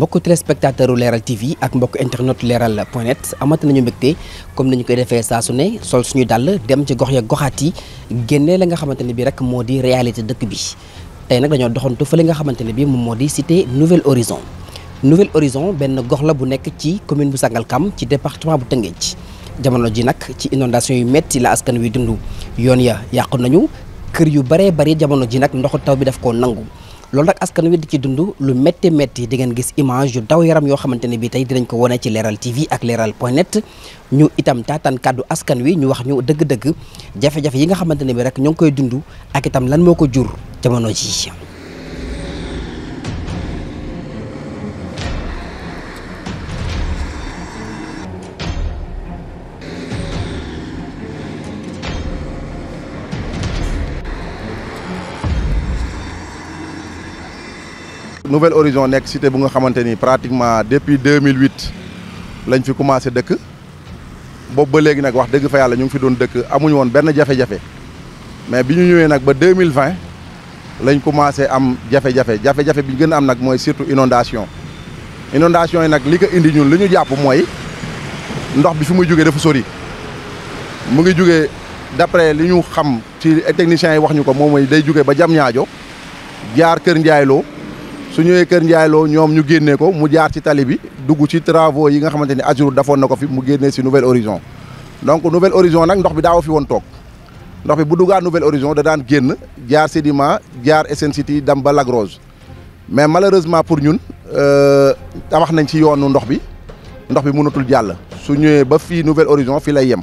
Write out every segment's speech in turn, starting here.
mbokk téléspectateur leeral TV ak mbokk internet leeral point net amati nañu mbégte comme ni ñu koy defee saa su ne sol suñu dàll dem ci gox ya goxaat yi génnee la nga xamante ne bi rek moo di réalité dëkk bi tey nag dañoo doxantu fa li nga xamante ne bi moom moo di cité Nouvel Horizon Nouvel Horizon benn gox la bu nekk ci commune bu Sangalkam ci département bu ci jamono ji nag ci inondation yu metti la askan wi dundu yoon ya yàqu nañu kër yu baree bari jamono ji nag ndoxu taw bi daf koo nangu loolu nag askan wi di ci dund lu métti métti di ngeen gis image yu daw yaram yoo xamante ne bii tey dinañ ko wane ci leeral TV ak leeral point net ñu itam taataan kàddu askan wi ñu wax ñu dëgg-dëgg jafe-jafe yi nga xamante ne bii rek ñoo ngi koy dund ak itam lan moo ko jur jamono ji Nouvelle Horizon nekk cité bu nga xamante ni pratiquement depuis 2008 lañ fi commencé dëkk boobu ba léegi nag wax dëgg fa yàlla ñu ngi fi doon dëkk amuñu woon benn jafe-jafe mais bi ñu ñëwee nag ba 2020 lañ commencé am jafe-jafe jafe-jafe gën a am nag mooy surtout inondation inondation yi nag li ko indi ñun li ñu jàpp mooy ndox bi fi muy jógee dafa sori mu ngi juge d'après li ñu xam ci techniciens yi wax ñu ko moom mooy day jógee ba jam ñaajo jaar kër njaayloo su ñëwee kër Ndiaye Lo ñoom ñu génnee ko mu jaar ci tali bi dugg ci travaux yi nga xamante ni Azur dafoon na ko fi mu génnee si Nouvelle Horizon donc Nouvelle Horizon nag ndox bi daaw fi woon toog ndox bi bu duggaat Nouvelle Horizon da daan génn jaar Sédima jaar SN City dem ba Lac mais malheureusement pour ñun euh, tabax nañ ci yoonu ndox bi ndox bi mënatul jàll su ñëwee ba fii Nouvelle Horizon fii lay yem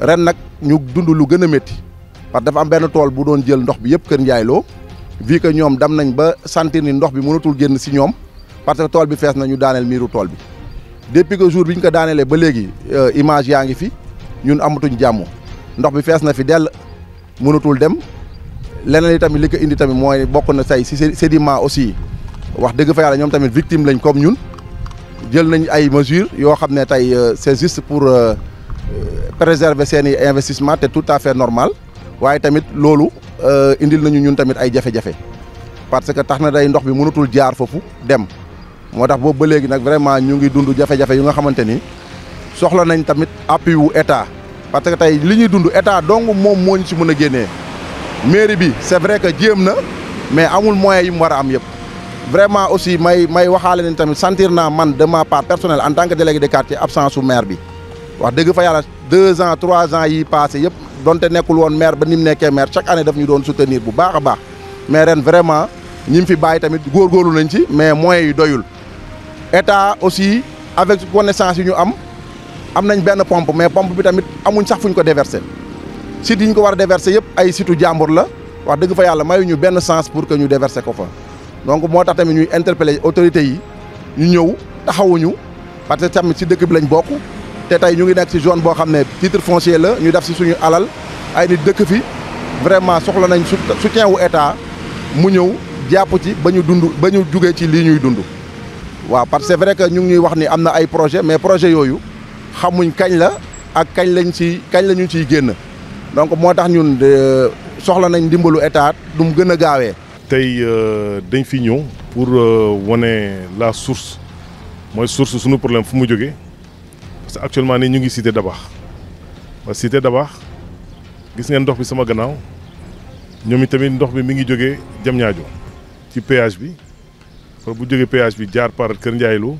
ren nag ñu dund lu gën a métti parce que dafa benn tool bu doon jël ndox bi yëpp kër Ndiaye vu que ñoom dem nañ ba sentir ni ndox bi mënatul génn si ñoom parce que tool bi fees na ñu daaneel miiru tool bi depuis que jour bi ñu ko daanelee ba léegi euh, image yaa ngi fi ñun amatuñ jàmm ndox bi fees na fi dell mënatul dem leneen yi tamit li ko indi tamit mooy bokk na say si sédiment aussi wax dëgg fa yàlla ñoom tamit victime lañ comme ñun jël nañ ay mesures yoo xam ne tey euh, c'est juste pour euh, préserver seeni investissement te tout à fait normal waaye tamit loolu Euh, indil nañu ñun tamit ay jafe-jafe parce que tax na day ndox bi mënatul jaar foofu dem moo tax boobu ba léegi nag vraiment ñu ngi dund jafe-jafe yu nga xamante ni soxla nañ tamit appui wu état parce que tey li ñuy dund état dong moom moo ñu si mën a génnee mairie bi c'est vrai que jéem na mais amul moyen yi mu war a am yëpp. vraiment aussi may may waxaale ne tamit sentir naa man de ma part personnelle en tant que délégué de quartier absence su bi wax dëgg fa yàlla deux trois ans yi passé yëpp donte nekkul woon maire ba ni mu nekkee maire chaque année daf ñu doon soutenir bu baax a baax mais ren vraiment ñi mu fi bàyyi tamit góorgóorlu nañ ci mais moyens yu doyul état aussi avec connaissance yu ñu am am nañ benn pompe mais pompe bi tamit amuñ sax fu ñu ko déverser sites yi ñu ko war a déverser yëpp ay situ jàmbur la wax dëgg fa yàlla mayuñu benn sens pour que ñu déverser ko fa donc moo tax tamit ñuy interpeller autorité yi ñu ñëw taxawuñu parce que tamit si dëkk bi lañ bokk te tey ñu ngi nekk ci zone boo xam ne titre foncier la ñu def si suñu alal ay nit dëkk fi vraiment soxla nañ soutien wu état mu ñëw jàpp ci ba ñu dund ba ñu jugee ci lii ñuy dund. waaw parce que c'est vrai que ñu ngi ñuy wax ni am na ay projet mais projet yooyu xamuñ kañ la ak kañ lañ ci kañ la ñu ciy génn donc moo tax ñun soxla nañ ndimbalu état du mu gën a gaawee. tey euh, dañ fi ñëw pour euh, wane la source mooy source sunu problème fu mu jógee. parce actuellement ni ñu ngi cité Dabax parce que cité Dabax gis ngeen ndox bi sama gannaaw ñoom tamit ndox bi mi ngi jógee jam ñaajo ci péage bi par bu jógee péage bi jaar par Kër Ndiaylo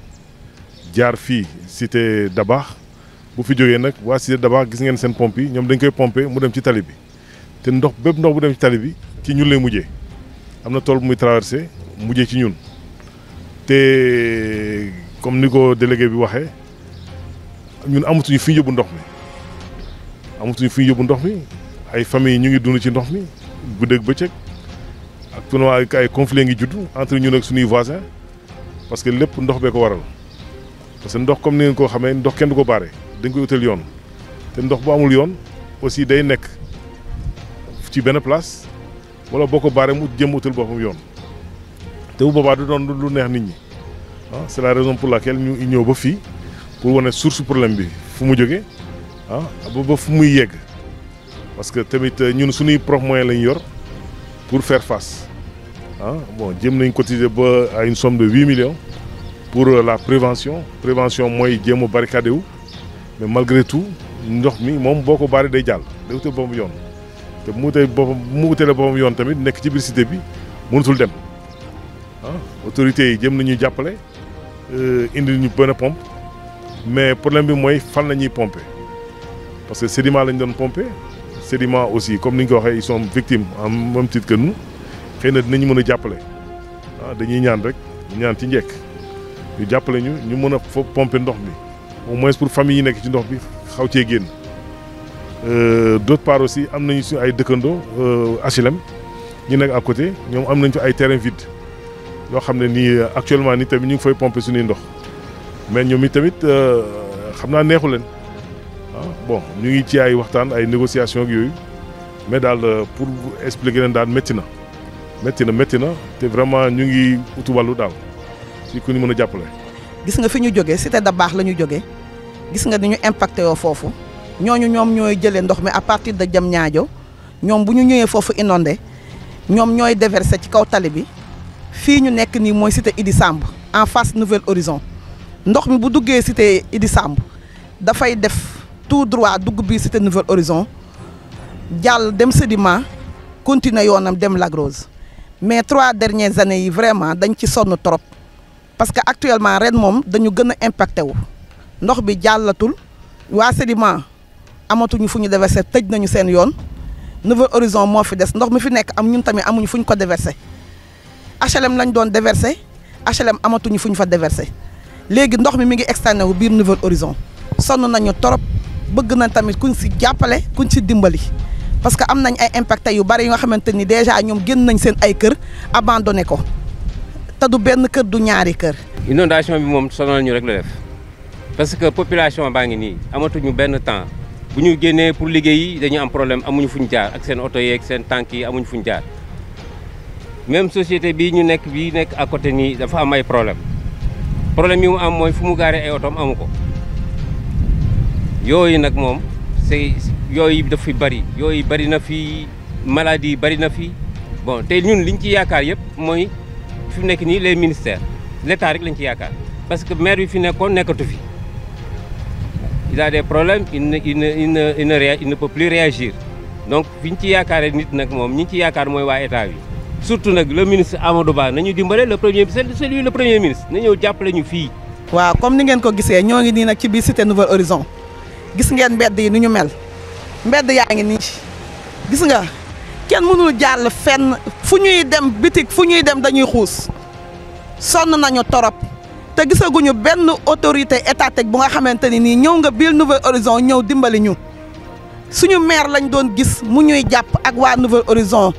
jaar fii site Dabax bu fi jógee nag waa cité Dabax gis ngeen seen pompe yi ñoom dañ koy pomper mu dem ci tali bi te ndox bépp ndox bu dem ci tali bi ci ñun lay mujjee am na tool bu muy traversé mujjee ci ñun te comme ni ko délégué bi waxee ñun amatuñu fi ñu yóbbu ndox mi amatuñu fi ñu yóbbu ndox mi ay famille ñu ngi dund ci ndox mi bu guddeeg bëccëg ak ay conflit ngi judd entre ñu ak suñuy voisin parce que lépp ndox bee ko waral parce que ndox comme ni ngeen ko xamee ndox kenn du ko baare dañ koy utal yoon te ndox bu amul yoon aussi day nekk ci benn place wala boo ko baaree mu jëm utal boppam yoon te bu boobaa du doon lu neex nit ñi ah c'est la raison pour laquelle ñu ñëw ba fii. pour wane source problème bi fu mu jóge ah ba fu muy yegg parce que tamit euh, ñun suñuy propres moyens lañ yor pour fair face ah bon jéem nañ cotiser ba à une somme de huit millions pour euh, la prévention prévention mooy jéem a barricade wu mais malgré tout njox mi moom boo ko bari day jàll day utal boppam yoon te mu utee boppam mu utalee boppam yoon tamit nekk ci biir cité bi mënatul dem ah autorités yi jëm nañu jàppale euh, indi ñu benn pompe. mais problème bi mooy fan la ñuy pomper parce que sédiment la ñu doon pomper sédiment aussi comme ni ñu ko waxee ils sont victimes en même titre que nous xëy na dinañu mën a jàppale ah dañuy ñaan rek ñaan ci njekk ñu jàppale ñu ñu mën a fo pomper ndox mi au moins pour famille yi nekk ci ndox bi xaw cee génn euh, d'autre part aussi am nañu si ay dëkkandoo euh, HLM ñu nekk à côté ñoom am nañ fa ay terrain vide yoo xam ne nii actuellement nii tamit ñu fooy fay pomper suñuy ndox. mais ñoom it tamit euh, xam naa neexu leen ah, bon ñu ngi ci ay waxtaan ay négociation ak yooyu mais daal euh, pour expliquer leen daal métti na métti na métti na te vraiment ñu ngi utu wàllu daal si ku ñu mën a jàppale. gis nga fi ñu jóge Cité da la ñu jógee gis nga ni ñu impacté yoo foofu ñooñu ñoom ñooy jëlee ndox mi à partir de Diamniadio ñoom bu ñu ñëwee foofu inondé ñoom ñooy déversé ci kaw tali bi fii ñu nekk nii mooy Cité Idi Samb en face Nouvel Horizon. ndox mi bu duggee cité Idi Samb dafay def tout droit dugg bii cité Nouvel Horizon jàll dem Sédima continuer yoonam dem Lac Rose mais trois dernier années yi vraiment dañ ci sonn trop parce que actuellement ren moom dañu gën a impacté wu ndox bi jàllatul waa Sédima amatuñu fu ñu déverser tëj nañu seen yoon Nouvel Horizon moo fi des ndox mi fi nekk am ñun tamit amuñu fu ñu ko déverser HLM lañ doon déverser HLM amatuñu fu ñu fa déverser léegi ndox mi mi ngi externe wu biir Nouvel Horizon sonn nañu torop bëgg nañ tamit kuñ si jàppale kuñ si dimbali parce que am nañ ay impacté yu bari yu nga xamante ni déjà ñoom génn nañ seen ay kër abandonné ko te du benn kër du ñaari kër. inondation bi moom sonal ñu rek la def parce que population baa ngi nii amatuñu benn temps bu ñu génnee pour liggéey dañu am problème amuñu fu ñu jaar ak seen oto yeeg seen tànk yi amuñu fu ñu jaar même société bii ñu nekk bii nekk à côté nii dafa am ay problème problème yi mu am mooy fu mu gaaree ay otoom amu yooyu nag moom c'est yooyu daf fi bari yooyu bari na fi maladie yi bari na fi bon te ñun liñ ci yaakaar yëpp mooy fi mu nekk nii les ministères l'état rek lañ ci yaakaar parce que maire bi fi nekkoon nekkatu fi il a des problèmes il ne il ne il ne il ne peut plus réagir donc fi ñu ci yaakaaree nit nag moom ñi ñu ci yaakaar mooy waa état bi. surtout nag le ministre Amadou Ba nañu dimbale le premier c'est lui le premier ministre na ñëw jàppale fii. waaw comme ni ngeen ko gisee ñoo ngi nii nag ci biir cité Nouvel Horizon gis ngeen mbedd yi ni ñu mel mbedd yaa ngi gis nga kenn mënul jàll fenn fu ñuy dem bitik fu ñuy dem dañuy xuus sonn nañu torop te gisaguñu benn autorité étatique bu nga xamante ni nii ñëw nga biir Nouvel orison ñëw dimbali ñu suñu maire lañ doon gis mu ñuy jàpp ak waa Nouvel orison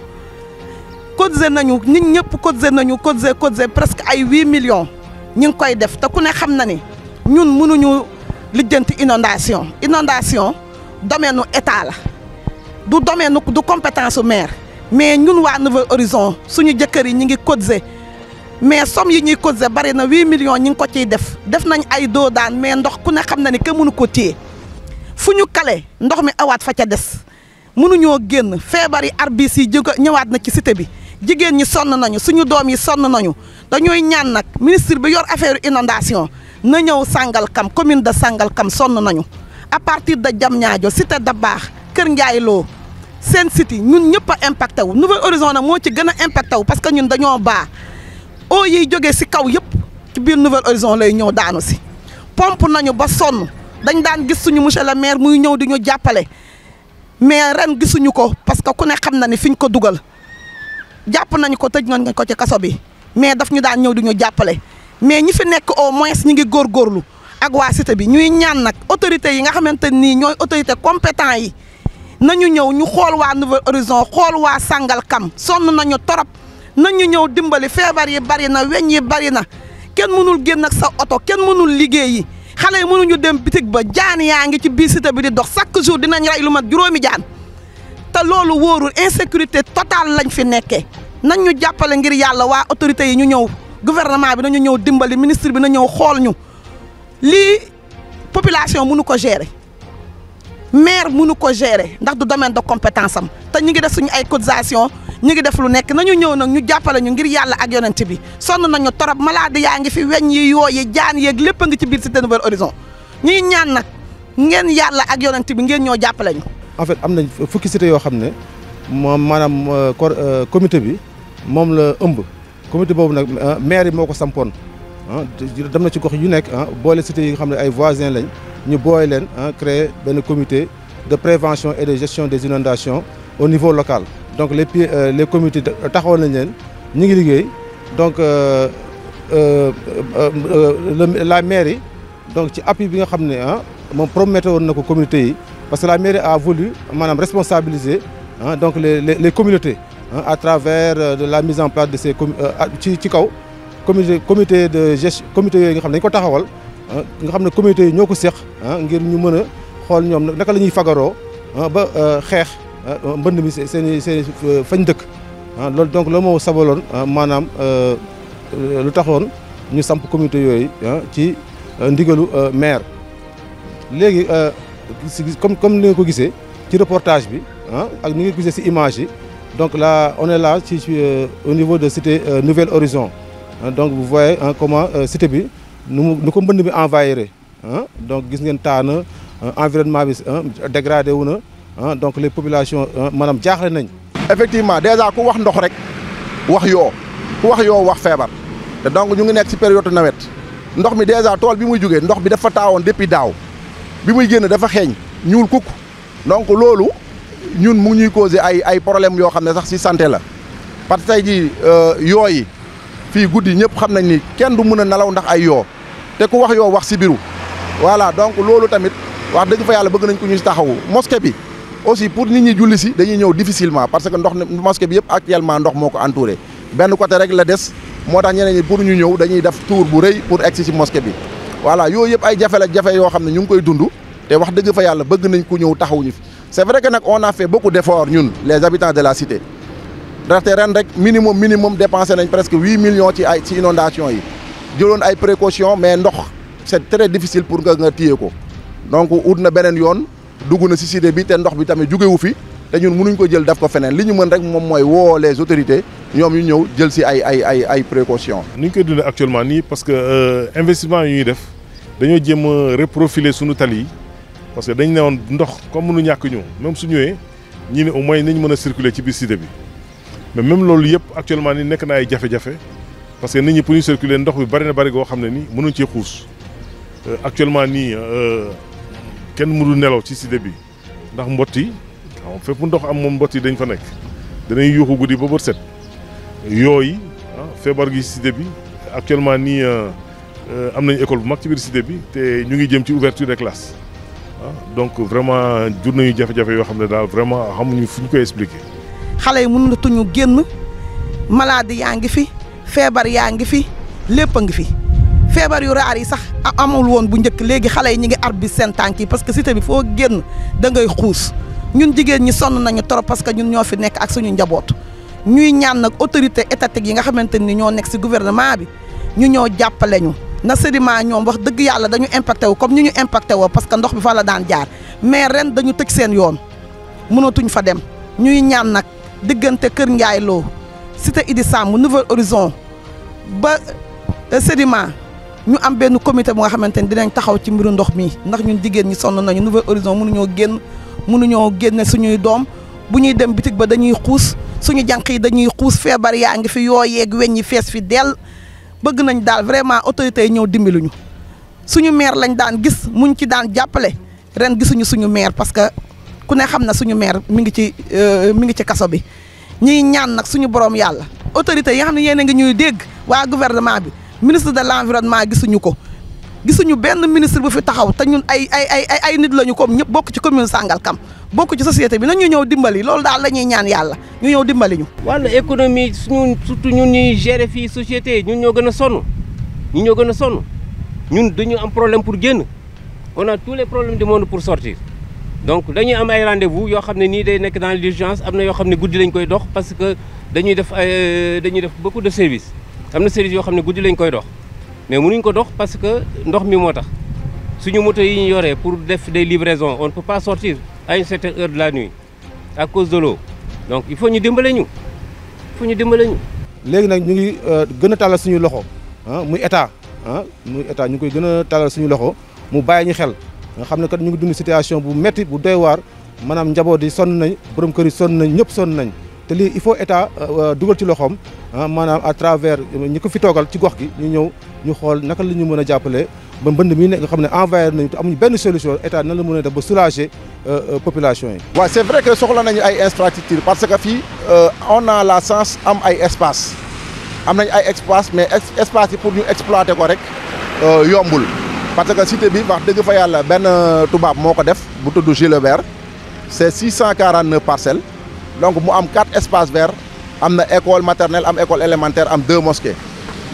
cotisé nañu nit ñëpp cotisé nañu cotisé cotisé presque ay huit millions ñu ngi koy def te ku ne xam na ni ñun munuñu lijjanti inondation inondation domaine état la du domaine du compétence maire mais ñun waa Nouvel Horizon suñu jëkkër yi ñu ngi cotisé mais somme yi ñuy cotisé bari na huit million ñu ngi ko ciy def def nañ ay doo daan mais ndox ku ne xam na ni que munu ko tiye fu ñu kale ndox mi awaat fa ca des mënuñoo génn feebar yi arbis yi ñëwaat na ci cité bi jigéen ñi sonn nañu suñu doom yi sonn nañu dañooy ñaan nag ministre bi yor affaire inondation na ñëw kam commune de sangal kam sonn nañu à partir de Diamniadio Cité baax Kër Ndiaye loo seen City ñun ñëpp a impacté wu Nouvel Horizon na moo ci gën a impacté wu parce que ñun dañoo baa eau yiy jógee si kaw yëpp ci biir Nouvel Horizon lay ñëw daanu si pompe nañu ba sonn dañ daan gis suñu monsieur le maire muy ñëw di ñu jàppale mais ren gisuñu ko parce que ku ne xam na ni fi ñu ko dugal jàpp nañ ko tëj nañ ko ci kaso bi mais daf ñu daan ñëw di ñu jàppale mais ñi fi nekk au moins ñi ngi góorgóorlu ak waa cité bi ñuy ñaan nag autorité yi nga xamante nii ñooy autorité compétent yi nañu ñëw ñu xool waa Nouvel Horizon xool waa Sangalkam sonn nañu torop nañu ñëw dimbali feebar yi bari na weñ yi bari na kenn mënul génn ak sa oto kenn mënul liggéeyi xale yi mënuñu dem bitig ba jaan yaa ngi ci biir cité bi di dox chaque jour dinañ rey lu mat juróomi jaan te loolu wóorul insécurité totale lañ fi nekkee nañ ñu jàppale ngir yàlla waa autorités yi ñu ñëw gouvernement bi nañu ñëw dimbali ministre bi na ñëw xool ñu lii population munu ko gérer maire mënu ko gérer ndax du domaine de compétence am te ñu ngi def suñu ay cotisation ñu ngi def lu nekk nañu ñëw nag ñu jàppale ñu ngir yàlla ak yonent bi sonn nañu torop malade yaa ngi fi weñ yi yoo yi jaan yeeg lépp a ngi ci biir si Cité Nouvel Horizon ñuy ñaan nag ngeen yàlla ak yonent bi ngeen ñoo jàppale ñu. en fait am nañ fukki cité yoo xam ne moom maanaam euh, euh, comité bi moom la ëmb comité boobu nag euh, maire yi moo ko sampoon ah dem na ci gox yu nekk ah boole cité yi nga xam ne ay voisins lañ ñu booy leen ah créer benn comité de prévention et de gestion des inondations au niveau local donc les pi les comités taxawoon nañ leen ñu ngi liggéey donc la mairie donc ci appui bi nga xam ne ah moom prometté woon na ko communauté yi parce que la mairie a voulu maanaam responsabiliser hein, donc les les, les communautés à travers euh, de la mise en place de ces euh, ci ci kaw comité comité de gestion comité yooyu nga xam ne dañu ko taxawal nga xam ne communauté yi ñoo ko seq ngir ñu mën a xool ñoom naka la ñuy fagaroo ba euh, xeex mbënd mi seen i seen fañ dëkk loolu donc loolu moo sabaloon maanaam lu taxoon ñu samp communauté yooyu ci ndigalu maire léegi comme comme ni ko gisee ci reportage bi ah ak ni nga gisee si image yi donc la one la là ci euh, au niveau de cité euh, Nouvelle Horizon ah, donc vous voyez comment euh, cité bi nu mu nu ko mbënd bi envoyé envahiré ah, donc gis ngeen taana ah, environnement bi dégradé wu na donc les populations maanaam jaaxle nañ. effectivement déjà ku wax ndox rek wax yoo ku wax yoo wax feebar te donc ñu ngi nekk ci période nawet ndox mi déjà tool bi muy jógee ndox bi dafa taawoon depuis daaw. bi muy génn dafa xeeñ ñuul kukk donc loolu ñun mu ñuy causé ay ay problème yoo xam ne sax ci santé la parce que tey jii euh, yooyu fii guddi ñëpp xam nañ ni kenn du mën a nelaw ndax ay yoo te ku wax yoo wax ci biru voilà loolu tamit wax dëgg fa yàlla bëgg nañ ko ñu ci taxawu mosquée bi aussi pour nit ñi julli ci dañuy ñëw difficilement parce que ndox mosquée bi yëpp actuellement ndox moo ko entouré benn côté rek la des moo tax ñeneen ñi pour ñu ñëw dañuy def tour bu rëy pour egsi ci bi voilà yooyu yëpp ay jafe jafe yoo xam ne ñu ngi koy dund te wax dëgg fa yàlla bëgg nañ ku ñëw taxawuñu fi c'est vrai que nag on a fait beaucoup d'efforts ñun les habitants de la cité ndaxte ren rek minimum minimum dépensé nañ presque huit millions ci ay ci inondation yi jëloon ay précautions mais ndox c'est très difficile pour nga nga téye ko donc ut na beneen yoon dugg na ci cité bi te ndox bi tamit jugewu fi te ñun mënuñ ko jël def ko feneen li ñu mën rek moom mooy woo les autorités ñoom ñu ñëw jël ci ay ay ay ay précautions. ni ñu koy dundee actuellement nii parce que euh, investissement yi def dañoo jéem a reprofiler sunu tali yi. parce que dañ ne woon ndox comme mënu ñàkk ñu même su ñëwee ñi ne au moins nañ mën a circuler ci biir cité bi mais même loolu yëpp actuellement ni nekk na ay jafe-jafe parce que nit ñi pour ñu circuler ndox bi bari na bari goo xam ne ni mënuñ cee xuus euh, actuellement nii euh, kenn mënul nelaw ci siddé bi ndax mbott yi xam ndox am moom mbott yi dañ fa nekk danañ yuuxu guddi ba bët set yooyu ah, feebar gi siddé bi actuellement nii euh, am nañu école bu mag ci biir cité bi te ñu ngi jëm ci ouverture des donc vraiment jur nañu jafe-jafe yoo xam ne daal vraiment xamuñu fu ñu koy expliquer. xale yi mun mënatuñu génn maladie yaa ngi fi feebar yaa ngi fi lépp a ngi fi feebar yu raar yi sax amul woon bu njëkk léegi xale yi ñu ngi arbi seen tànk yi parce que cité bi foo génn da ngay xuus ñun jigéen ñi sonn nañu trop parce que ñun ñoo fi nekk ak suñu njaboot ñuy ñaan nag autorité étatique yi nga xamante ni ñoo nekk si gouvernement bi ñu ñoo jàppale ñu. na sédiment ñoom wax dëgg yàlla dañu impacté wu comme ñu ñu impacté woo parce que ndox bi fa la daan jaar mais ren dañu tëj seen yoon mënatuñ fa dem ñuy ñaan nag diggante Kër Ndiaye Lo cité Idi sàmm Nouvel Horizon ba euh, sédiment ñu am benn comité bu nga xamante ni dinañ taxaw ci mbiru ndox mi ndax ñu jigéen ñi sonn nañu Nouvel Horizon mënuñoo génn mënuñoo génne suñuy doom bu ñuy dem bitig ba dañuy xuus suñu jànq yi dañuy xuus feebar yaa ngi fi yoo yeeg weñ ñi fees fi dell bëgg nañ daal vraiment autorité yi ñëw dimbaluñu suñu maire lañ daan gis muñ ci daan jàppale ren gisuñu suñu maire parce que ku ne xam na suñu maire mi ngi ci euh, mi ngi ci kaso bi ñuy ñaan nag suñu borom yàlla autorité yi xam ne yéen a ngi ñuy dégg waa gouvernement bi ministre de l'environnement gisuñu ko gisuñu benn ministre bu fi taxaw te ñun ay ay ay ay ay nit lañu comme ñëpp bokk ci commune Sangalkam bokk ci société bi na ñu ñëw dimbali loolu daal la ñuy ñaan yàlla ñu ñëw dimbali ñu. wàllu économie suñu surtout ñun ñuy gérer fii société ñun ñoo gën a sonn ñun ñoo gën a sonn ñun dañu am problème pour génn on a tous les problèmes du monde pour sortir. donc dañuy am ay rendez-vous yoo xam ne nii day nekk dans ligence am na yoo xam ne guddi lañ koy dox parce que dañuy def euh, dañuy def beaucoup de service am na services yoo xam ne guddi lañ koy dox. mais mënuñ ko dox parce que ndox mi moo tax suñu moto yi ñu yoree pour def des libraison on ne peut pas sortir à une heure de la nuit a cause de l'eau donc il faut ñu dimbale ñu il ñu dimbale léegi nag ñu ngi euh, gën a tàllal suñu loxo ah muy état ah muy état ñu ngi koy gën a tàllal suñu loxo mu bàyyi ñu xel nga xam ne kat ñu ngi dund situation bu metti bu doy waar maanaam njaboot yi sonn nañ borom kër yi sonn nañ ñëpp sonn nañ. te lii il faut état euh, euh, dugal ci loxoom ah, maanaam à travers euh, ñi ko fi toogal ci gox gi ñu ñëw ñu xool naka la ñu mën a jàppale ba mbënn mi nekk nga xam ne envoyé nañu te amuñu benn solution état nan la mën a def ba soulager population yi. waaw c'est vrai que soxla nañu ay infrastructure parce que fii on a la chance am ay espace am nañ ay espace mais espace yi pour ñu exploiter ko rek yombul parce que cité bi wax dëgg fa yàlla benn tubaab moo ko def bu tudd Gilbert c'est 649 parcelles. donc mu am quatre espaces verts am na école maternelle am école élémentaire am deux mosquées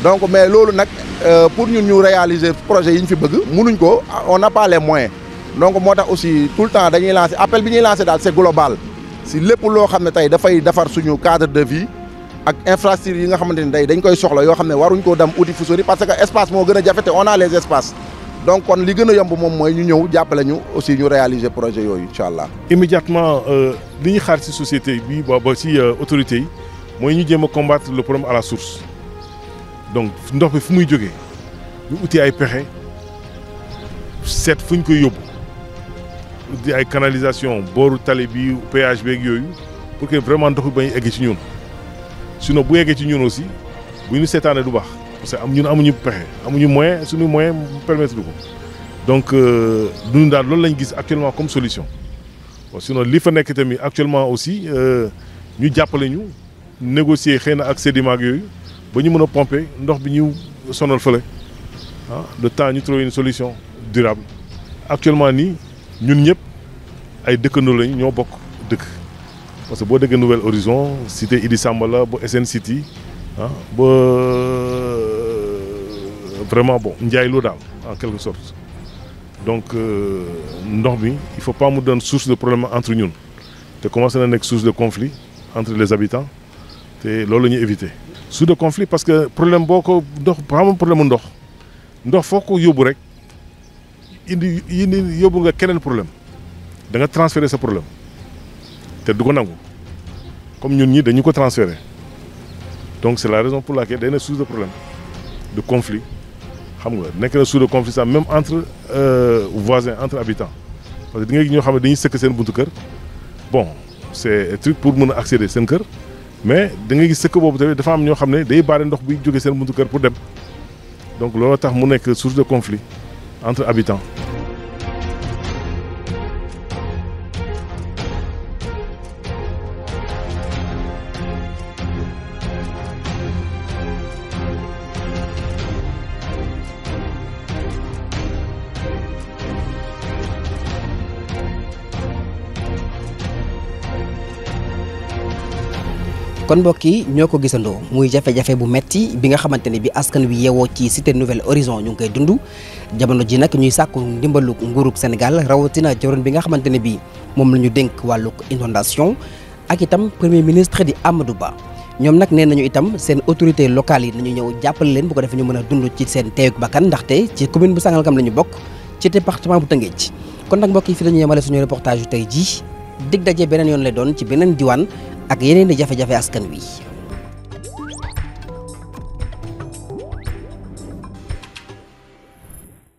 donc mais loolu nag euh, pour ñun ñu réaliser projet yi ñu fi bëgg munuñ ko on a pas les moyens donc moo tax aussi tout le temps dañuy lancer appel bi ñuy lancer daal c'est global si lépp loo xam ne tey dafay defar suñu cadre de vie ak infrastructure yi nga xamante ne tey dañ koy soxla yoo xam ne waruñ koo dem uti fu sori parce que espace moo gën a jafe te on a les espaces donc kon li gën a yomb moom mooy ñu ñëw jàppale ñu ñu réaliser projet yooyu incha allah. immédiatement euh, li ñu xaar ci société bi ba ba ci euh, autorité yi mooy ñu jéem a combattre le problème à la source donc ndox bi fu muy jógee ñu uti ay pexe set fuñ ñu koy yóbbu uti ay canalisation booru tali bi péage beeg yooyu pour que vraiment ndox bi bañ egg ci ñun sinon bu eggee ci ñun aussi bu ñu seetaanee du baax. parce que am ñun amuñu pexe amuñu moyen suñu moyen permettre ko donc duñu euh, daal loolu lañ gis actuellement comme solution sinon li fa nekk tamit actuellement aussi euh, ñu jàppale ñu négocier xëy na ak sédiment yooyu ba ñu mën a pompe ndox bi ñu sonal fële ah le temps ñu trouver une solution durable actuellement nii ñun ñëpp ay dëkkandoo lañ ñoo bokk dëkk parce que boo déggee Nouvel Horizon cité Idi Samba la ba SN City ah ba vraiment bon njaay loo daal en quelque sorte donc euh, ndox mi il faut pas mu doon source de problème entre ñun te commencé na nekk source de conflit entre les habitants te loolu la ñuy éviter. source de conflit parce que problème boo ko ndox xam problème mu ndox ndox foo ko yóbbu rek indi indi yóbbu nga keneen problème da nga transférer sa problème te du ko nangu comme ñun ñi dañu ko transférer donc c'est la raison pour laquelle day nekk source de problème de conflit. xam nga nekk na sous le conflit sax même entre euh, voisins entre habitants parce que di nga ñoo xam ne dañuy sëkk seen buntu kër bon c' est truc pour mun a accéder seen kër mais da nga gis sëkk boobu tamit dafa am ñoo xam ne day baare ndox bi jóge seen buntu kër pour dem donc looloo tax mu nekk source de conflit entre habitants kon mbokk yi ñoo ko gisandoo muy jafe-jafe bu metti bi nga xamante ne bi askan wi yeewoo ci cité Nouvel Horizon ñu ngi koy dund jamono ji nag ñuy sàkku ndimbalu nguurug Sénégal rawatina joroon bi nga xamante ne bi moom la ñu dénk wàllug inondation ak itam premier ministre di Amadou Ba ñoom nag nee nañu itam seen autorité locale yi nañu ñëw jàppale leen bu ko defee ñu mën a dund ci seen teewug bakkan ndaxte ci commune bu Sangalkam la ñu bokk ci département bu Tëngéej kon nag mbokk yi tey jii dig daje beneen yoon lay doon ci beneen ak yeneen i jafe-jafe askan wi.